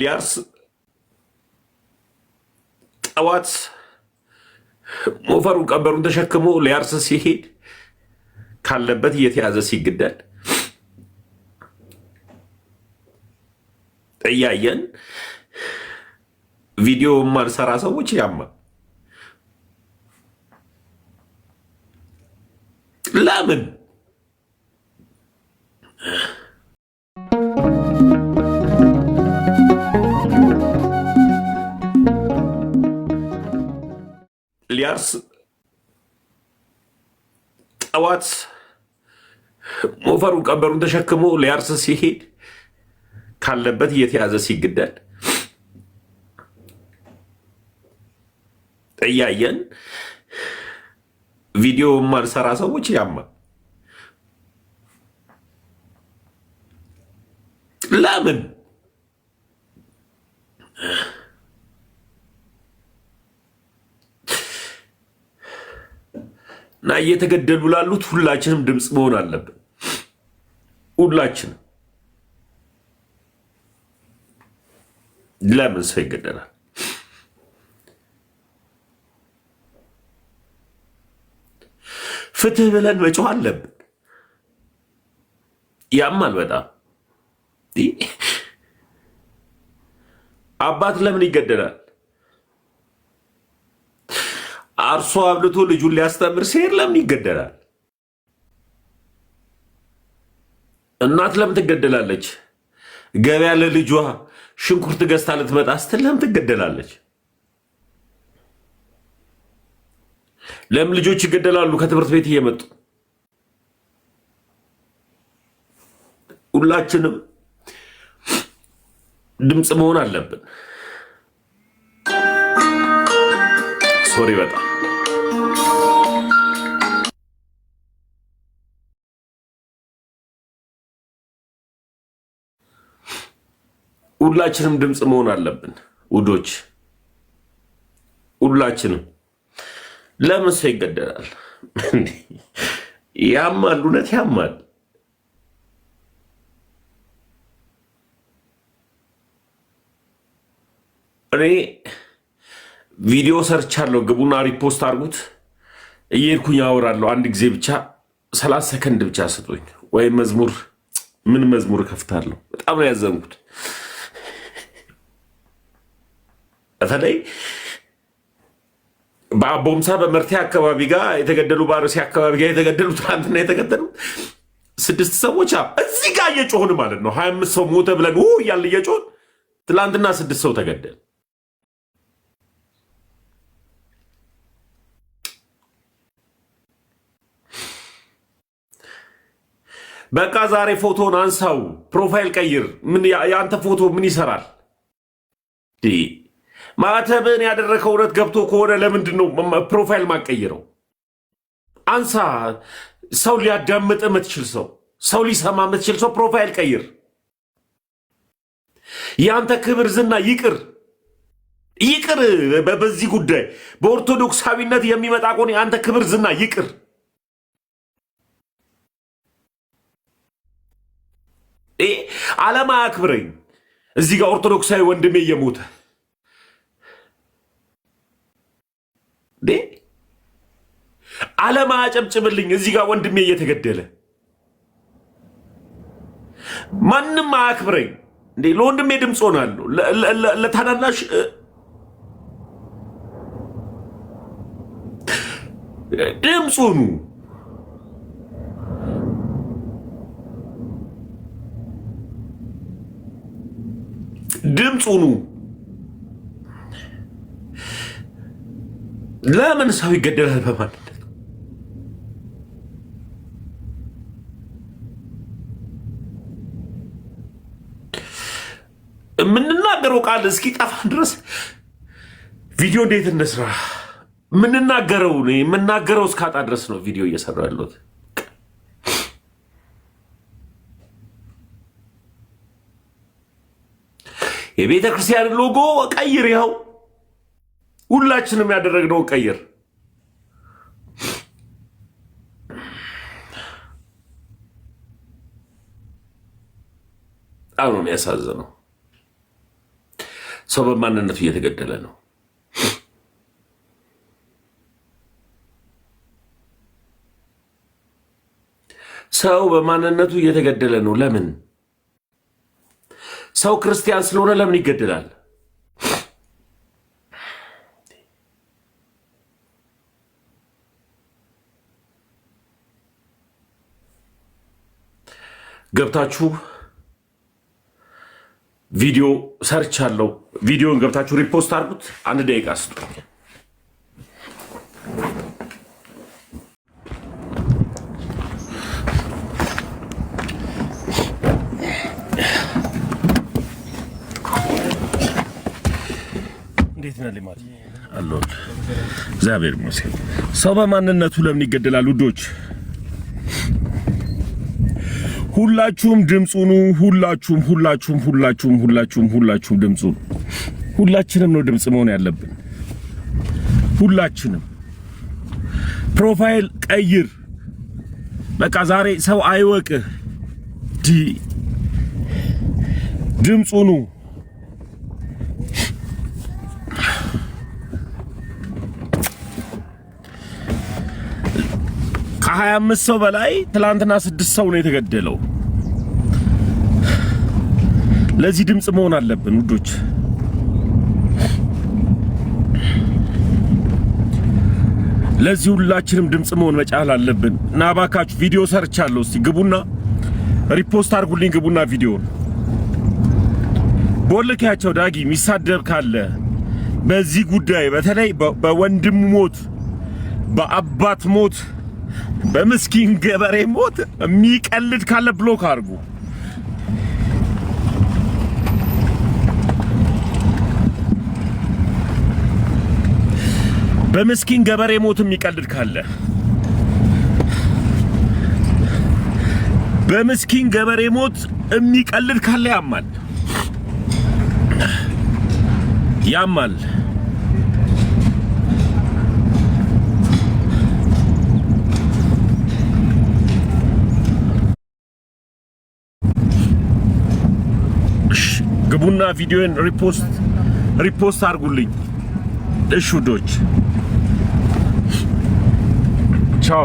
ሊያርስ ጠዋት ሞፈሩን ቀንበሩን ተሸክሞ ሊያርስ ሲሄድ ካለበት እየተያዘ ሲገደል እያየን ቪዲዮ ማንሰራ ሰዎች ያማ ሊያርስ ጠዋት ሞፈሩን ቀንበሩን ተሸክሞ ሊያርስ ሲሄድ ካለበት እየተያዘ ሲገደል እያየን ቪዲዮ ማንሰራ ሰዎች ያማል። ለምን እና እየተገደሉ ላሉት ሁላችንም ድምፅ መሆን አለብን። ሁላችንም ለምን ሰው ይገደላል? ፍትህ ብለን መጮህ አለብን። ያማል በጣም አባት ለምን ይገደላል? አርሶ አብልቶ ልጁን ሊያስተምር ሲሄድ ለምን ይገደላል? እናት ለምን ትገደላለች? ገበያ ለልጇ ሽንኩርት ገዝታ ልትመጣ ስትል ለምን ትገደላለች? ለምን ልጆች ይገደላሉ? ከትምህርት ቤት እየመጡ ሁላችንም ድምፅ መሆን አለብን። ሶሪ በጣም ሁላችንም ድምፅ መሆን አለብን ውዶች፣ ሁላችንም። ለምን ሰው ይገደላል? ያማል፣ እውነት ያማል። እኔ ቪዲዮ ሰርቻለሁ፣ ግቡና ሪፖስት አድርጉት። እየሄድኩኝ አወራለሁ። አንድ ጊዜ ብቻ ሰላሳ ሰከንድ ብቻ ስጡኝ፣ ወይም መዝሙር ምን መዝሙር ከፍታለሁ በጣም ነው ያዘንኩት። በተለይ በአቦምሳ በመርቴ አካባቢ ጋር የተገደሉ በአርሲ አካባቢ ጋር የተገደሉ ትናንትና የተገደሉ ስድስት ሰዎች እዚህ ጋር እየጮሁን ማለት ነው። ሀያ አምስት ሰው ሞተ ብለን እያልን እየጮሁን ትናንትና ስድስት ሰው ተገደል። በቃ ዛሬ ፎቶን አንሳው፣ ፕሮፋይል ቀይር። የአንተ ፎቶ ምን ይሰራል? ማተብን ያደረከው እውነት ገብቶ ከሆነ ለምንድን ነው ፕሮፋይል ማቀይረው? አንሳ። ሰው ሊያዳምጥ የምትችል ሰው ሰው ሊሰማ የምትችል ሰው ፕሮፋይል ቀይር። የአንተ ክብር ዝና ይቅር ይቅር። በዚህ ጉዳይ በኦርቶዶክሳዊነት የሚመጣ ከሆነ የአንተ ክብር ዝና ይቅር። አለማ አክብረኝ እዚህ ጋር ኦርቶዶክሳዊ ወንድሜ እየሞተ አለማ አጨብጭብልኝ። እዚህ ጋር ወንድሜ እየተገደለ ማንም አያክብረኝ። እንዴ ለወንድሜ ድምፅ ሆናለሁ፣ ለታናናሽ ድምፅ ሆኑ። ድምፅ ሁኑ። ለምን ሰው ይገደላል በማንነት የምንናገረው ቃል እስኪጠፋን ድረስ ቪዲዮ እንዴት እንስራ የምንናገረው የምናገረው እስካጣ ድረስ ነው ቪዲዮ እየሰራ ያለሁት። የቤተ ክርስቲያን ሎጎ ቀይር፣ ይኸው ሁላችንም ያደረግነው ቀይር በጣም ነው ያሳዘነው። ሰው በማንነቱ እየተገደለ ነው። ሰው በማንነቱ እየተገደለ ነው። ለምን ሰው ክርስቲያን ስለሆነ ለምን ይገደላል? ገብታችሁ ቪዲዮ ሰርች አለው ቪዲዮን ገብታችሁ ሪፖስት አድርጉት። አንድ ደቂቃ ስጡኝ። እንዴት እግዚአብሔር ይመስገን። ሰው በማንነቱ ለምን ይገደላል ውዶች? ሁላችሁም ድምፁኑ ሁላችሁም ሁላችሁም ሁላችሁም ሁላችሁም ሁላችሁም ድምፁኑ ሁላችንም ነው ድምፅ መሆን ያለብን። ሁላችንም ፕሮፋይል ቀይር። በቃ ዛሬ ሰው አይወቅህ ድምፁ ኑ ከ ሰው በላይ ትላንትና ስድስት ሰው ነው የተገደለው። ለዚህ ድምፅ መሆን አለብን ውዶች። ለዚህ ሁላችንም ድምፅ መሆን መጫል አለብን። እና እባካችሁ ቪዲዮ ሰርቻለሁ፣ እስቲ ግቡና ሪፖስት አድርጉልኝ። ግቡና ቪዲዮን ቦልካቸው። ዳጊ የሚሳደብ ካለ በዚህ ጉዳይ በተለይ በወንድም ሞት፣ በአባት ሞት በምስኪን ገበሬ ሞት የሚቀልድ ካለ ብሎክ አድርጉ። በምስኪን ገበሬ ሞት የሚቀልድ ካለ በምስኪን ገበሬ ሞት የሚቀልድ ካለ ያማል፣ ያማል። ግቡና ቪዲዮን ሪፖስት ሪፖስት አድርጉልኝ። እሹዶች ቻው።